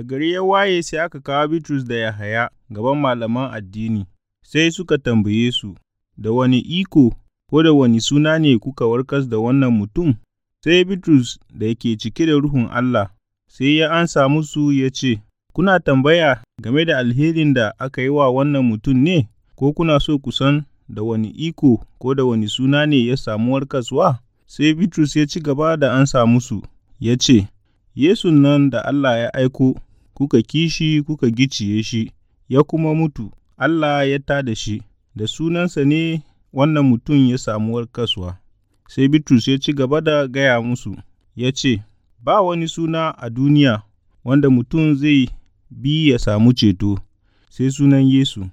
Da gari ya waye sai aka kawo Bitrus da Yahaya gaban malaman addini, sai suka tambaye su, Da wani iko ko da wani suna ne kuka warkas da wannan mutum? Sai Bitrus da yake cike da Ruhun Allah, sai ya ansa musu ya ce, Kuna tambaya game da alherin da aka yi wa wannan mutum ne, ko kuna so ku san da wani iko ko da wani suna ne ya samu warkaswa? Sai Bitrus ya ci gaba da ansa musu, ya ce, Yesu nan da Allah ya aiko kuka kishi kuka giciye shi, ya kuma mutu, Allah ya ta da shi, da sunansa ne wannan mutum ya samu warkaswa. Sai Bitrus ya ci gaba da gaya musu, ya ce, Ba wani suna a duniya wanda mutum zai bi ya samu ceto, sai sunan Yesu.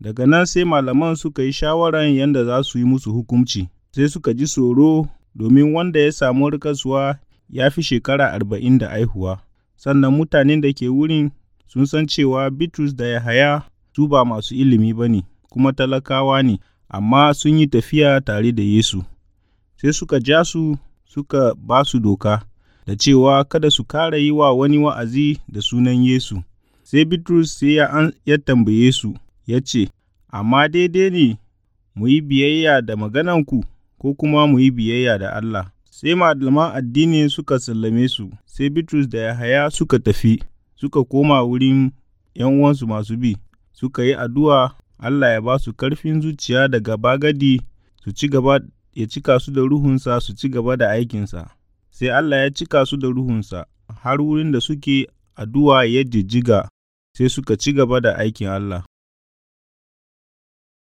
Daga nan sai malaman suka yi shawaran yadda za su yi musu hukunci, sai suka ji tsoro domin wanda ya samu warkaswa ya fi shekara arba'in da aihuwa. sannan mutanen da ke wurin sun san cewa Bitrus da Yahaya su ba masu ilimi ba ne, kuma talakawa ne, amma sun yi tafiya tare da Yesu. Sai suka ja su suka ba su doka, da cewa kada su kara yi wa wani wa'azi da sunan Yesu. Sai Bitrus sai ya tambaye su, ya ce, Amma daidai ne mu yi biyayya da magananku ko kuma mu yi biyayya da Allah. sai malaman addini suka sallame su, sai Bitrus da Yahaya suka tafi, suka koma wurin ‘yan uwansu masu bi, suka yi addu'a Allah ya ba su ƙarfin zuciya daga bagadi su ci gaba ya cika su da ruhunsa su ci gaba da aikinsa. Sai Allah ya cika su da ruhunsa har wurin da suke addu'a ya jijjiga, sai suka ci gaba da aikin Allah.